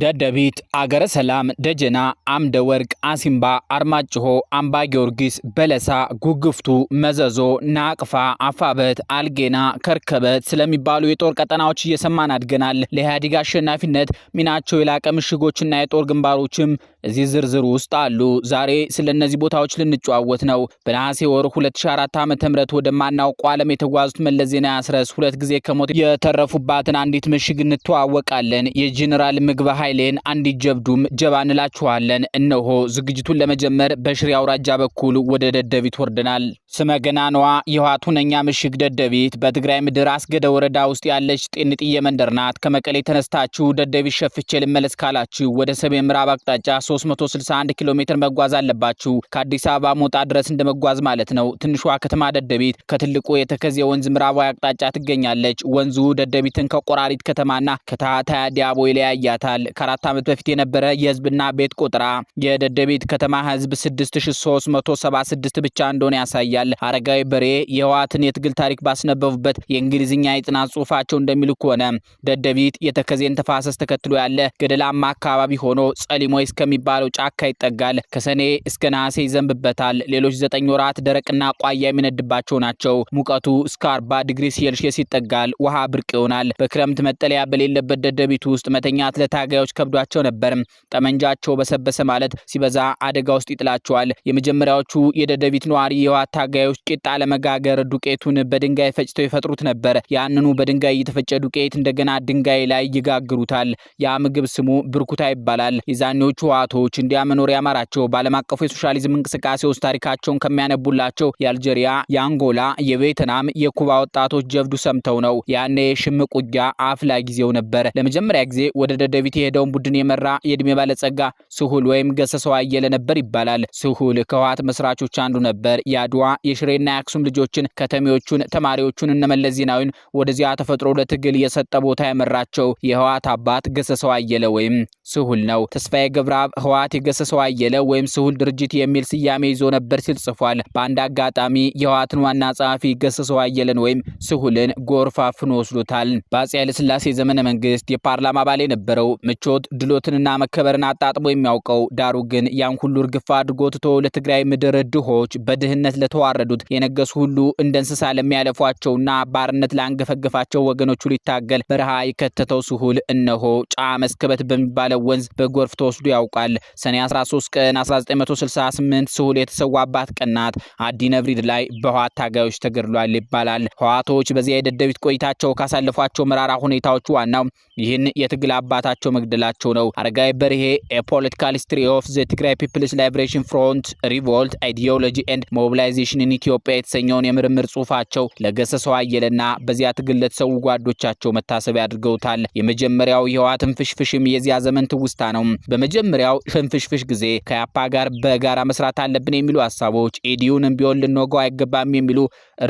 ደደቢት፣ አገረ ሰላም፣ ደጀና፣ አምደ ወርቅ፣ አሲምባ፣ አርማጭሆ፣ አምባ ጊዮርጊስ፣ በለሳ፣ ጉግፍቱ፣ መዘዞ፣ ናቅፋ፣ አፋበት፣ አልጌና፣ ከርከበት ስለሚባሉ የጦር ቀጠናዎች እየሰማን አድገናል። ለኢህአዴግ አሸናፊነት ሚናቸው የላቀ ምሽጎችና የጦር ግንባሮችም እዚህ ዝርዝር ውስጥ አሉ። ዛሬ ስለ እነዚህ ቦታዎች ልንጨዋወት ነው። በነሐሴ ወር 2004 ዓ ም ወደማናውቀው ዓለም የተጓዙት መለስ ዜናዊ አስረስ ሁለት ጊዜ ከሞት የተረፉባትን አንዲት ምሽግ እንተዋወቃለን። የጄኔራል ምግባ ኃይሌን አንዲት ጀብዱም ጀባ እንላችኋለን። እነሆ ዝግጅቱን ለመጀመር በሽሬ አውራጃ በኩል ወደ ደደቢት ወርደናል። ስመገናኗዋ የውሃ ሁነኛ ምሽግ ደደቢት በትግራይ ምድር አስገደ ወረዳ ውስጥ ያለች ጤንጥዬ መንደር ናት። ከመቀሌ ተነስታችሁ ደደቢት ሸፍቼ ልመለስ ካላችሁ ወደ ሰሜን ምዕራብ አቅጣጫ 361 ኪሎ ሜትር መጓዝ አለባችሁ። ከአዲስ አበባ ሞጣ ድረስ እንደመጓዝ ማለት ነው። ትንሿ ከተማ ደደቢት ከትልቁ የተከዜ ወንዝ ምዕራባዊ አቅጣጫ ትገኛለች። ወንዙ ደደቢትን ከቆራሪት ከተማና ከታህታ ዲያቦ ይለያያታል። ከአራት ዓመት በፊት የነበረ የህዝብና ቤት ቆጠራ የደደቢት ከተማ ህዝብ 6376 ብቻ እንደሆነ ያሳያል። አረጋዊ በሬ የህወሓትን የትግል ታሪክ ባስነበቡበት የእንግሊዝኛ የጥናት ጽሁፋቸው እንደሚሉ ከሆነ ደደቢት የተከዜን ተፋሰስ ተከትሎ ያለ ገደላማ አካባቢ ሆኖ ጸሊሞ እስከሚባለው ጫካ ይጠጋል። ከሰኔ እስከ ነሐሴ ይዘንብበታል። ሌሎች ዘጠኝ ወራት ደረቅና ቋያ የሚነድባቸው ናቸው። ሙቀቱ እስከ 40 ዲግሪ ሴልሺየስ ይጠጋል። ውሃ ብርቅ ይሆናል። በክረምት መጠለያ በሌለበት ደደቢት ውስጥ መተኛት ለታገ መሳሪያዎች ከብዷቸው ነበር። ጠመንጃቸው በሰበሰ ማለት ሲበዛ አደጋ ውስጥ ይጥላቸዋል። የመጀመሪያዎቹ የደደቢት ነዋሪ የህወሓት ታጋዮች ቂጣ ለመጋገር ዱቄቱን በድንጋይ ፈጭተው ይፈጥሩት ነበር። ያንኑ በድንጋይ እየተፈጨ ዱቄት እንደገና ድንጋይ ላይ ይጋግሩታል። ያ ምግብ ስሙ ብርኩታ ይባላል። የዛኔዎቹ ህወሓቶች እንዲያ መኖር ያማራቸው በዓለም አቀፉ የሶሻሊዝም እንቅስቃሴ ውስጥ ታሪካቸውን ከሚያነቡላቸው የአልጄሪያ፣ የአንጎላ፣ የቬትናም፣ የኩባ ወጣቶች ጀብዱ ሰምተው ነው። ያኔ ሽምቅ ውጊያ አፍላ ጊዜው ነበር። ለመጀመሪያ ጊዜ ወደ ደደቢት የሄደውን ቡድን የመራ የእድሜ ባለጸጋ ስሁል ወይም ገሰሰው አየለ ነበር ይባላል። ስሁል ከህወሓት መስራቾች አንዱ ነበር። የአድዋ የሽሬና የአክሱም ልጆችን፣ ከተሜዎቹን፣ ተማሪዎቹን እነመለስ ዜናዊን ወደዚያ ተፈጥሮ ለትግል የሰጠ ቦታ ያመራቸው የህወሓት አባት ገሰሰው አየለ ወይም ስሁል ነው። ተስፋዬ ገብረአብ ህወሓት የገሰሰው አየለ ወይም ስሁል ድርጅት የሚል ስያሜ ይዞ ነበር ሲል ጽፏል። በአንድ አጋጣሚ የህወሓትን ዋና ጸሐፊ ገሰሰው አየለን ወይም ስሁልን ጎርፋፍኖ ወስዶታል። በአፄ ኃይለስላሴ ዘመነ መንግስት የፓርላማ አባል የነበረው ምቾት ድሎትንና መከበርን አጣጥቦ የሚያውቀው ዳሩ ግን ያን ሁሉ እርግፋ አድርጎ ትቶ ለትግራይ ምድር ድሆች በድህነት ለተዋረዱት የነገሱ ሁሉ እንደ እንስሳ ለሚያለፏቸውና ባርነት ላንገፈገፋቸው ወገኖቹ ሊታገል በረሃ የከተተው ስሁል እነሆ ጫ መስከበት በሚባለው ወንዝ በጎርፍ ተወስዶ ያውቃል። ሰኔ 13 ቀን 1968 ስሁል የተሰዋባት ቀናት አዲ ነብሪድ ላይ በህወሓት ታጋዮች ተገድሏል ይባላል። ህዋቶች በዚያ የደደቢት ቆይታቸው ካሳለፏቸው መራራ ሁኔታዎች ዋናው ይህን የትግል አባታቸው መግደ እየተገደላቸው ነው። አረጋይ በርሄ የፖለቲካል ሂስትሪ ኦፍ ዘ ትግራይ ፒፕልስ ላይብሬሽን ፍሮንት ሪቮልት አይዲዮሎጂ ኤንድ ሞቢላይዜሽን ኢን ኢትዮጵያ የተሰኘውን የምርምር ጽሁፋቸው ለገሰሰው አየለና በዚያ ትግል ለተሰዉ ጓዶቻቸው መታሰቢያ አድርገውታል። የመጀመሪያው የህወሓትን ፍሽፍሽም የዚያ ዘመን ትውስታ ነው። በመጀመሪያው ሽንፍሽፍሽ ጊዜ ከያፓ ጋር በጋራ መስራት አለብን የሚሉ ሀሳቦች፣ ኢዲዩንም ቢሆን ልንወጋው አይገባም የሚሉ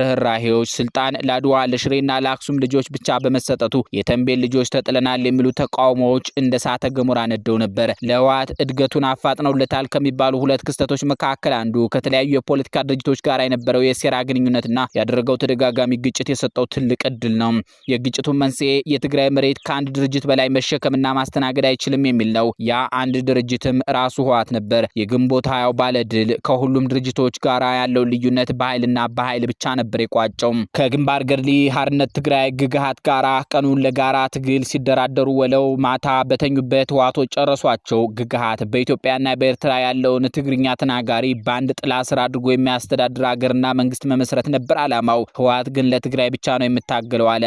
ርኅራሄዎች፣ ስልጣን ለአድዋ ለሽሬና ለአክሱም ልጆች ብቻ በመሰጠቱ የተንቤን ልጆች ተጥለናል የሚሉ ተቃውሞዎች እንደ እሳተ ገሞራ ነደው ነበር። ለህወሓት እድገቱን አፋጥነውለታል ከሚባሉ ሁለት ክስተቶች መካከል አንዱ ከተለያዩ የፖለቲካ ድርጅቶች ጋር የነበረው የሴራ ግንኙነትና ያደረገው ተደጋጋሚ ግጭት የሰጠው ትልቅ እድል ነው። የግጭቱ መንስኤ የትግራይ መሬት ከአንድ ድርጅት በላይ መሸከምና ማስተናገድ አይችልም የሚል ነው። ያ አንድ ድርጅትም ራሱ ህወሓት ነበር። የግንቦት ሃያው ባለ ድል ከሁሉም ድርጅቶች ጋር ያለው ልዩነት በኃይልና በኃይል ብቻ ነበር የቋጨው። ከግንባር ገድሊ ሀርነት ትግራይ ግግሃት ጋራ ቀኑን ለጋራ ትግል ሲደራደሩ ወለው ማታ በተኙበት ህዋቶ ጨረሷቸው። ግግሀት በኢትዮጵያና በኤርትራ ያለውን ትግርኛ ተናጋሪ በአንድ ጥላ ስር አድርጎ የሚያስተዳድር አገርና መንግስት መመስረት ነበር አላማው። ህወሓት ግን ለትግራይ ብቻ ነው የምታገለው አለ።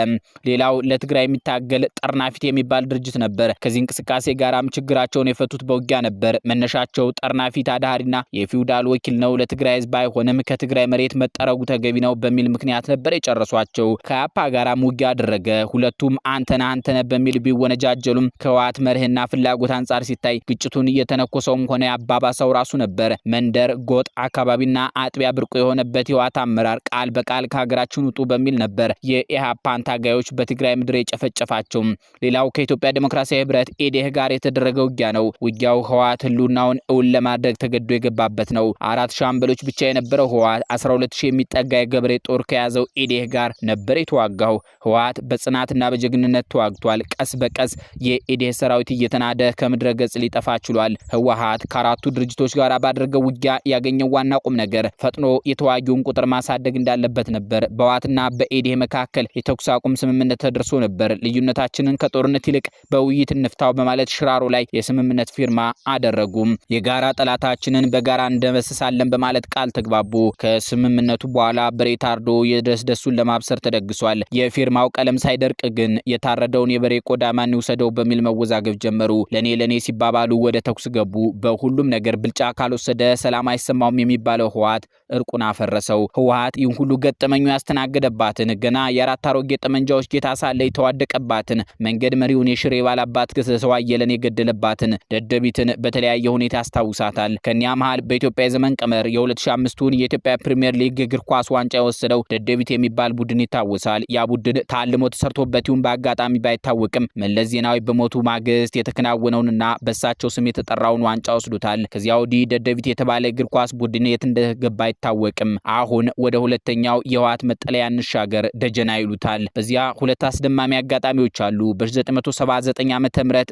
ሌላው ለትግራይ የሚታገል ጠርናፊት የሚባል ድርጅት ነበር። ከዚህ እንቅስቃሴ ጋራም ችግራቸውን የፈቱት በውጊያ ነበር። መነሻቸው ጠርናፊት አድሃሪና የፊውዳል ወኪል ነው፣ ለትግራይ ህዝብ አይሆንም፣ ከትግራይ መሬት መጠረጉ ተገቢ ነው በሚል ምክንያት ነበር የጨረሷቸው። ከአፓ ጋራም ውጊያ አደረገ። ሁለቱም አንተነ አንተነ በሚል ቢወነጃጀሉም ከዋ የልማት መርህና ፍላጎት አንጻር ሲታይ ግጭቱን እየተነኮሰውም ሆነ ሰው ራሱ ነበር። መንደር፣ ጎጥ፣ አካባቢና አጥቢያ ብርቁ የሆነበት የህወሓት አመራር ቃል በቃል ከሀገራችን ውጡ በሚል ነበር የኢህአፓን ታጋዮች በትግራይ ምድር የጨፈጨፋቸው። ሌላው ከኢትዮጵያ ዴሞክራሲያዊ ህብረት ኤዴህ ጋር የተደረገ ውጊያ ነው። ውጊያው ህወሓት ህልውናውን እውን ለማድረግ ተገዶ የገባበት ነው። አራት ሻምበሎች ብቻ የነበረው ህወሓት 12 ሺህ የሚጠጋ የገበሬ ጦር ከያዘው ኤዴህ ጋር ነበር የተዋጋው። ህወሓት በጽናትና በጀግንነት ተዋግቷል። ቀስ በቀስ የኤዴህ ሰራዊት እየተናደ ከምድረ ገጽ ሊጠፋ ችሏል። ህወሀት ከአራቱ ድርጅቶች ጋር ባደረገው ውጊያ ያገኘው ዋና ቁም ነገር ፈጥኖ የተዋጊውን ቁጥር ማሳደግ እንዳለበት ነበር። በዋትና በኤዴ መካከል የተኩስ አቁም ስምምነት ተደርሶ ነበር። ልዩነታችንን ከጦርነት ይልቅ በውይይት እንፍታው በማለት ሽራሮ ላይ የስምምነት ፊርማ አደረጉም። የጋራ ጠላታችንን በጋራ እንደመስሳለን በማለት ቃል ተግባቡ። ከስምምነቱ በኋላ በሬታርዶ የደስደሱን ለማብሰር ተደግሷል። የፊርማው ቀለም ሳይደርቅ ግን የታረደውን የበሬ ቆዳማን ይውሰደው በሚል መወዛ መወዛገብ ጀመሩ። ለኔ ለኔ ሲባባሉ ወደ ተኩስ ገቡ። በሁሉም ነገር ብልጫ ካልወሰደ ሰላም አይሰማውም የሚባለው ህወሓት እርቁን አፈረሰው። ህወሓት ይህን ሁሉ ገጠመኙ ያስተናገደባትን ገና የአራት አሮጌ ጠመንጃዎች ጌታ ሳለ የተዋደቀባትን መንገድ መሪውን የሽሬ ባላባት ገሰሰው አየለን የገደለባትን ደደቢትን በተለያየ ሁኔታ ያስታውሳታል። ከኒያ መሀል በኢትዮጵያ የዘመን ቀመር የ2005ቱን የኢትዮጵያ ፕሪምየር ሊግ እግር ኳስ ዋንጫ የወሰደው ደደቢት የሚባል ቡድን ይታወሳል። ያ ቡድን ታልሞ ተሰርቶበት ይሁን በአጋጣሚ ባይታወቅም መለስ ዜናዊ በሞቱ ማ ማግስት የተከናወነውንና በእሳቸው ስም የተጠራውን ዋንጫ ወስዶታል። ከዚያ ወዲህ ደደቢት የተባለ እግር ኳስ ቡድን የት እንደገባ አይታወቅም። አሁን ወደ ሁለተኛው የህወሓት መጠለያ እንሻገር፣ ደጀና ይሉታል። በዚያ ሁለት አስደማሚ አጋጣሚዎች አሉ። በ1979 ዓ ም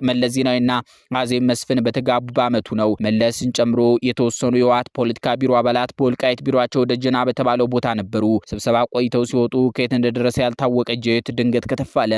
መለስ ዜናዊና አዜብ መስፍን በተጋቡ በአመቱ ነው። መለስን ጨምሮ የተወሰኑ የህወሓት ፖለቲካ ቢሮ አባላት በወልቃይት ቢሮቸው ደጀና በተባለው ቦታ ነበሩ። ስብሰባ ቆይተው ሲወጡ ከየት እንደደረሰ ያልታወቀ ጀት ድንገት ከተፋለ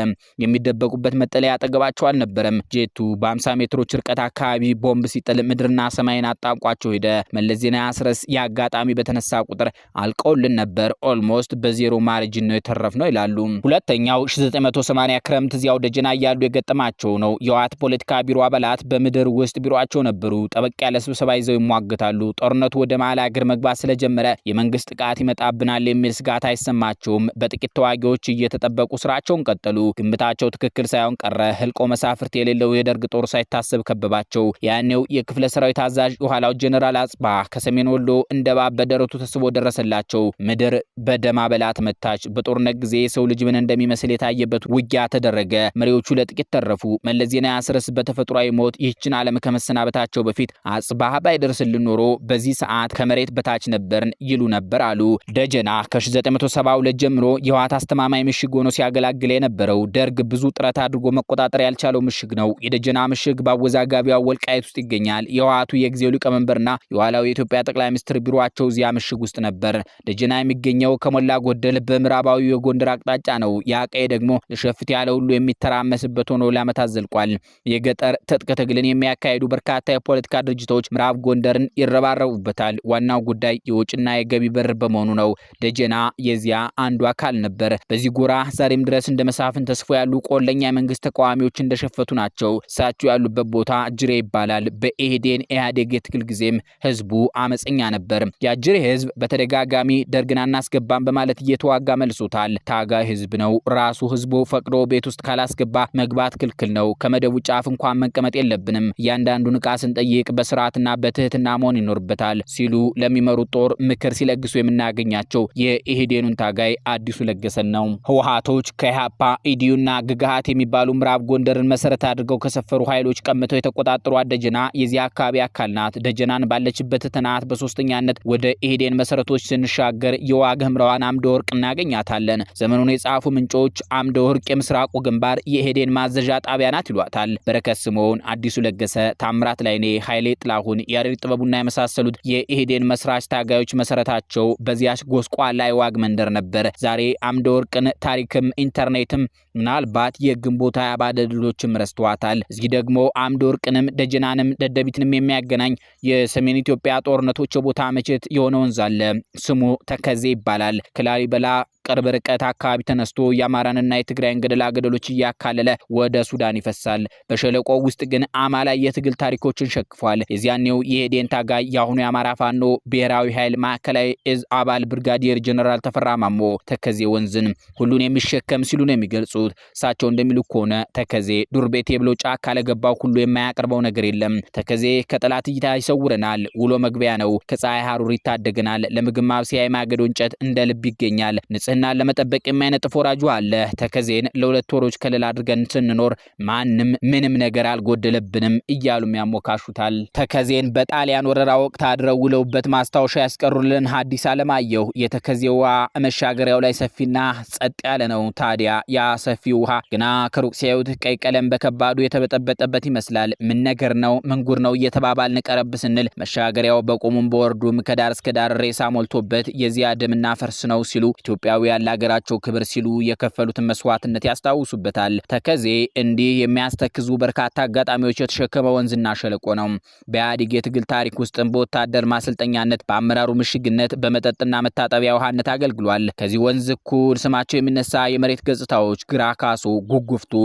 የሚደበቁበት መጠለያ አጠገባቸው አልነበረም። ጄቱ በ50 ሜትሮች ርቀት አካባቢ ቦምብ ሲጥል ምድርና ሰማይን አጣብቋቸው ሄደ። መለስ ዜና ያስረስ የአጋጣሚ በተነሳ ቁጥር አልቀውልን ነበር፣ ኦልሞስት በዜሮ ማርጅን ነው ነው ይላሉ። ሁለተኛው 1980 ክረምት እዚያው ደጀና እያሉ የገጠማቸው ነው። የዋት ፖለቲካ ቢሮ አባላት በምድር ውስጥ ቢሮቸው ነበሩ። ጠበቅ ያለ ስብሰባ ይዘው ይሟገታሉ። ጦርነቱ ወደ መሀል አገር መግባት ስለጀመረ የመንግስት ጥቃት ይመጣብናል የሚል ስጋት አይሰማቸውም። በጥቂት ተዋጊዎች እየተጠበቁ ስራቸውን ቀጠሉ። ግምታቸው ትክክል ሳይሆን ቀረ። ህልቆ መሳፍርት የሌ የሌለው የደርግ ጦር ሳይታሰብ ከበባቸው። ያኔው የክፍለ ሰራዊት አዛዥ የኋላው ጀኔራል አጽባ ከሰሜን ወሎ እንደ እባብ በደረቱ ተስቦ ደረሰላቸው። ምድር በደማ በላት መታች። በጦርነት ጊዜ የሰው ልጅ ምን እንደሚመስል የታየበት ውጊያ ተደረገ። መሪዎቹ ለጥቂት ተረፉ። መለስ ዜናዊ አስረስ በተፈጥሯዊ ሞት ይህችን ዓለም ከመሰናበታቸው በፊት አጽባ ባይደርስልን ኖሮ በዚህ ሰዓት ከመሬት በታች ነበርን ይሉ ነበር አሉ። ደጀና ከ1972 ጀምሮ የህወሓት አስተማማኝ ምሽግ ሆኖ ሲያገላግል የነበረው ደርግ ብዙ ጥረት አድርጎ መቆጣጠር ያልቻለው ምሽግ ነው። ነው። የደጀና ምሽግ በአወዛጋቢዋ ወልቃየት ውስጥ ይገኛል። የህወሓቱ የጊዜው ሊቀመንበርና የኋላው የኢትዮጵያ ጠቅላይ ሚኒስትር ቢሮቸው እዚያ ምሽግ ውስጥ ነበር። ደጀና የሚገኘው ከሞላ ጎደል በምዕራባዊ የጎንደር አቅጣጫ ነው። ያ ቀይ ደግሞ ለሸፍት ያለ ሁሉ የሚተራመስበት ሆኖ ለዓመታት ዘልቋል። የገጠር ትጥቅ ትግልን የሚያካሂዱ በርካታ የፖለቲካ ድርጅቶች ምዕራብ ጎንደርን ይረባረቡበታል። ዋናው ጉዳይ የውጭና የገቢ በር በመሆኑ ነው። ደጀና የዚያ አንዱ አካል ነበር። በዚህ ጎራ ዛሬም ድረስ እንደ መሳፍን ተስፎ ያሉ ቆለኛ የመንግስት ተቃዋሚዎች እንደሸፈቱ ናቸው። ናቸው። እሳቸው ያሉበት ቦታ ጅሬ ይባላል። በኢህዴን ኢህአዴግ የትግል ጊዜም ህዝቡ አመፀኛ ነበር። የጅሬ ህዝብ በተደጋጋሚ ደርግን አናስገባም በማለት እየተዋጋ መልሶታል። ታጋይ ህዝብ ነው። ራሱ ህዝቡ ፈቅዶ ቤት ውስጥ ካላስገባ መግባት ክልክል ነው። ከመደቡ ጫፍ እንኳን መቀመጥ የለብንም። እያንዳንዱን እቃ ስንጠይቅ በስርዓትና በትህትና መሆን ይኖርበታል ሲሉ ለሚመሩት ጦር ምክር ሲለግሱ የምናገኛቸው የኢህዴኑን ታጋይ አዲሱ ለገሰን ነው። ህወሀቶች ከኢህአፓ ኢዲዩና ግግሀት የሚባሉ ምዕራብ ጎንደርን መሰረት አድርገው ከሰፈሩ ኃይሎች ቀምተው የተቆጣጠሯት ደጀና የዚያ አካባቢ አካል ናት። ደጀናን ባለችበት ትናት በሶስተኛነት ወደ ኢህዴን መሰረቶች ስንሻገር የዋግ ህምራዋን አምደ ወርቅ እናገኛታለን። ዘመኑን የጻፉ ምንጮች አምደ ወርቅ የምስራቁ ግንባር የኢህዴን ማዘዣ ጣቢያ ናት ይሏታል። በረከት ስምዖን፣ አዲሱ ለገሰ፣ ታምራት ላይኔ፣ ኃይሌ ጥላሁን፣ ያሬድ ጥበቡና የመሳሰሉት የኢህዴን መስራች ታጋዮች መሰረታቸው በዚያች ጎስቋላ የዋግ መንደር ነበር። ዛሬ አምደ ወርቅን ታሪክም ኢንተርኔትም ምናልባት የግንቦት ሃያ ባለድሎችም አስገጥቷታል። እዚህ ደግሞ አምድ ወርቅንም ደጀናንም ደደቢትንም የሚያገናኝ የሰሜን ኢትዮጵያ ጦርነቶች የቦታ መቼት የሆነ ወንዝ አለ። ስሙ ተከዜ ይባላል። ከላሊበላ ቅርብ ርቀት አካባቢ ተነስቶ የአማራንና የትግራይን ገደላ ገደሎች እያካለለ ወደ ሱዳን ይፈሳል። በሸለቆ ውስጥ ግን አማላ የትግል ታሪኮችን ሸክፏል። የዚያኔው የሄዴን ታጋይ የአሁኑ የአማራ ፋኖ ብሔራዊ ኃይል ማዕከላዊ እዝ አባል ብርጋዲየር ጀነራል ተፈራ ማሞ ተከዜ ወንዝን ሁሉን የሚሸከም ሲሉ ነው የሚገልጹት። እሳቸው እንደሚሉ ከሆነ ተከዜ ዱር ቤቴ ብሎ ጫካ ለገባው ሁሉ የማያቀርበው ነገር የለም። ተከዜ ከጠላት እይታ ይሰውረናል። ውሎ መግቢያ ነው። ከፀሐይ ሀሩር ይታደገናል። ለምግብ ማብሰያ የማገዶ እንጨት እንደ ልብ ይገኛል። ንጽህ ንጽህና ለመጠበቅ የማይነጥፍ ወራጁ አለ። ተከዜን ለሁለት ወሮች ከለላ አድርገን ስንኖር ማንም ምንም ነገር አልጎደለብንም እያሉም ያሞካሹታል። ተከዜን በጣሊያን ወረራ ወቅት አድረው ውለውበት ማስታወሻ ያስቀሩልን ሐዲስ ዓለማየሁ የተከዜ ውሃ መሻገሪያው ላይ ሰፊና ጸጥ ያለ ነው። ታዲያ ያ ሰፊ ውሃ ግና ከሩቅ ሲያዩት ቀይ ቀለም በከባዱ የተበጠበጠበት ይመስላል። ምን ነገር ነው ምንጉር ነው እየተባባል ንቀረብ ስንል መሻገሪያው በቆሙም በወርዱም ከዳር እስከ ዳር ሬሳ ሞልቶበት የዚያ ደምና ፈርስ ነው ሲሉ ኢትዮጵያዊ ኢትዮጵያውያን ለሀገራቸው ክብር ሲሉ የከፈሉትን መስዋዕትነት ያስታውሱበታል። ተከዜ እንዲህ የሚያስተክዙ በርካታ አጋጣሚዎች የተሸከመ ወንዝና ሸለቆ ነው። በኢህአዴግ የትግል ታሪክ ውስጥም በወታደር ማሰልጠኛነት፣ በአመራሩ ምሽግነት፣ በመጠጥና መታጠቢያ ውሃነት አገልግሏል። ከዚህ ወንዝ እኩል ስማቸው የሚነሳ የመሬት ገጽታዎች ግራ ካሶ፣ ጉጉፍቱ፣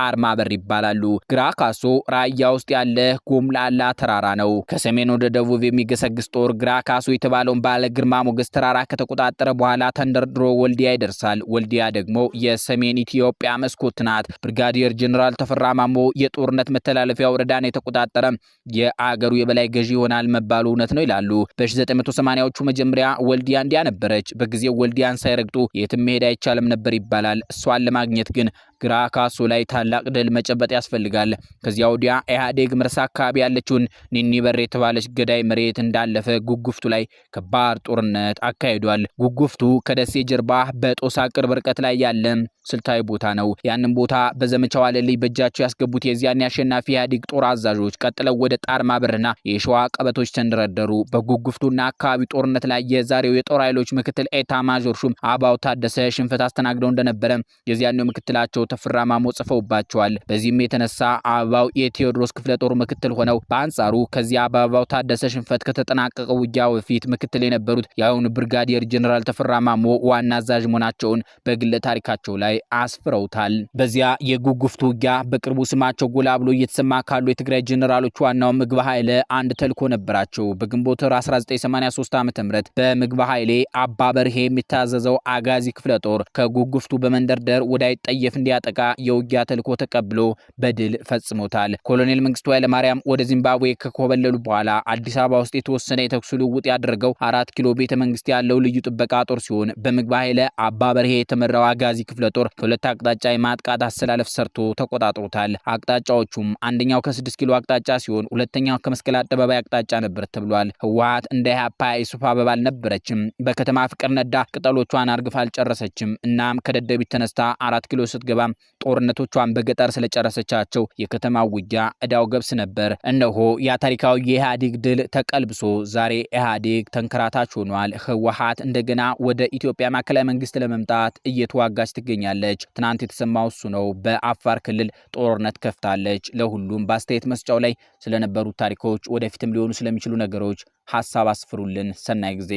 ጣር ማበር ይባላሉ። ግራ ካሶ ራያ ውስጥ ያለ ጎምላላ ተራራ ነው። ከሰሜን ወደ ደቡብ የሚገሰግስ ጦር ግራ ካሶ የተባለውን ባለ ግርማ ሞገስ ተራራ ከተቆጣጠረ በኋላ ተንደርድሮ ወልዲያ ይደርሳል። ወልዲያ ደግሞ የሰሜን ኢትዮጵያ መስኮት ናት። ብርጋዲየር ጀኔራል ተፈራ ማሞ የጦርነት መተላለፊያ ወረዳን የተቆጣጠረ የአገሩ የበላይ ገዢ ይሆናል መባሉ እውነት ነው ይላሉ። በ1980ዎቹ መጀመሪያ ወልዲያ እንዲያ ነበረች። በጊዜው ወልዲያን ሳይረግጡ የትም መሄድ አይቻልም ነበር ይባላል። እሷን ለማግኘት ግን ግራ ካሶ ላይ ታላቅ ድል መጨበጥ ያስፈልጋል። ከዚያ ወዲያ ኢህአዴግ መርሳ አካባቢ ያለችውን ኒኒበር የተባለች ገዳይ መሬት እንዳለፈ ጉጉፍቱ ላይ ከባድ ጦርነት አካሂዷል። ጉጉፍቱ ከደሴ ጀርባ በጦሳ ቅርብ ርቀት ላይ ያለ ስልታዊ ቦታ ነው። ያንን ቦታ በዘመቻው አለልይ በእጃቸው ያስገቡት የዚያን የአሸናፊ ኢህአዴግ ጦር አዛዦች ቀጥለው ወደ ጣርማ ብርና የሸዋ ቀበቶች ተንደረደሩ። በጉጉፍቱና አካባቢ ጦርነት ላይ የዛሬው የጦር ኃይሎች ምክትል ኤታ ማዦር ሹም አባው ታደሰ ሽንፈት አስተናግደው እንደነበረ የዚያኔው ምክትላቸው ተፈራ ማሞ ጽፈውባቸዋል። በዚህም የተነሳ አበባው የቴዎድሮስ ክፍለ ጦር ምክትል ሆነው በአንጻሩ ከዚያ በአበባው ታደሰ ሽንፈት ከተጠናቀቀ ውጊያ በፊት ምክትል የነበሩት የአሁኑ ብርጋዲየር ጀኔራል ተፈራ ማሞ ዋና አዛዥ መሆናቸውን በግለ ታሪካቸው ላይ አስፍረውታል። በዚያ የጉጉፍት ውጊያ በቅርቡ ስማቸው ጎላ ብሎ እየተሰማ ካሉ የትግራይ ጀኔራሎች ዋናው ምግባ ኃይለ አንድ ተልኮ ነበራቸው። በግንቦት 1983 ዓ ም በምግባ ኃይሌ አባበርሄ የሚታዘዘው አጋዚ ክፍለ ጦር ከጉጉፍቱ በመንደርደር ወዳይጠየፍ እንዲያ የሚያጠቃ የውጊያ ተልዕኮ ተቀብሎ በድል ፈጽሞታል። ኮሎኔል መንግስቱ ኃይለማርያም ወደ ዚምባብዌ ከኮበለሉ በኋላ አዲስ አበባ ውስጥ የተወሰነ የተኩስ ልውውጥ ያደረገው አራት ኪሎ ቤተ መንግስት ያለው ልዩ ጥበቃ ጦር ሲሆን በምግብ ኃይለ አባ በርሄ የተመራው አጋዚ ክፍለ ጦር ከሁለት አቅጣጫ የማጥቃት አሰላለፍ ሰርቶ ተቆጣጥሮታል። አቅጣጫዎቹም አንደኛው ከስድስት ኪሎ አቅጣጫ ሲሆን ሁለተኛው ከመስቀል አደባባይ አቅጣጫ ነበር ተብሏል። ህወሀት እንደ ኢህአፓ የሱፍ አበባ አልነበረችም። በከተማ ፍቅር ነዳ ቅጠሎቿን አርግፋ አልጨረሰችም። እናም ከደደቢት ተነስታ አራት ኪሎ ስትገባ ጦርነቶቿን በገጠር ስለጨረሰቻቸው የከተማ ውጊያ እዳው ገብስ ነበር። እነሆ ያ ታሪካዊ የኢህአዴግ ድል ተቀልብሶ ዛሬ ኢህአዴግ ተንከራታች ሆኗል። ህወሓት እንደገና ወደ ኢትዮጵያ ማዕከላዊ መንግስት ለመምጣት እየተዋጋች ትገኛለች። ትናንት የተሰማው እሱ ነው። በአፋር ክልል ጦርነት ከፍታለች። ለሁሉም በአስተያየት መስጫው ላይ ስለነበሩት ታሪኮች፣ ወደፊትም ሊሆኑ ስለሚችሉ ነገሮች ሀሳብ አስፍሩልን። ሰናይ ጊዜ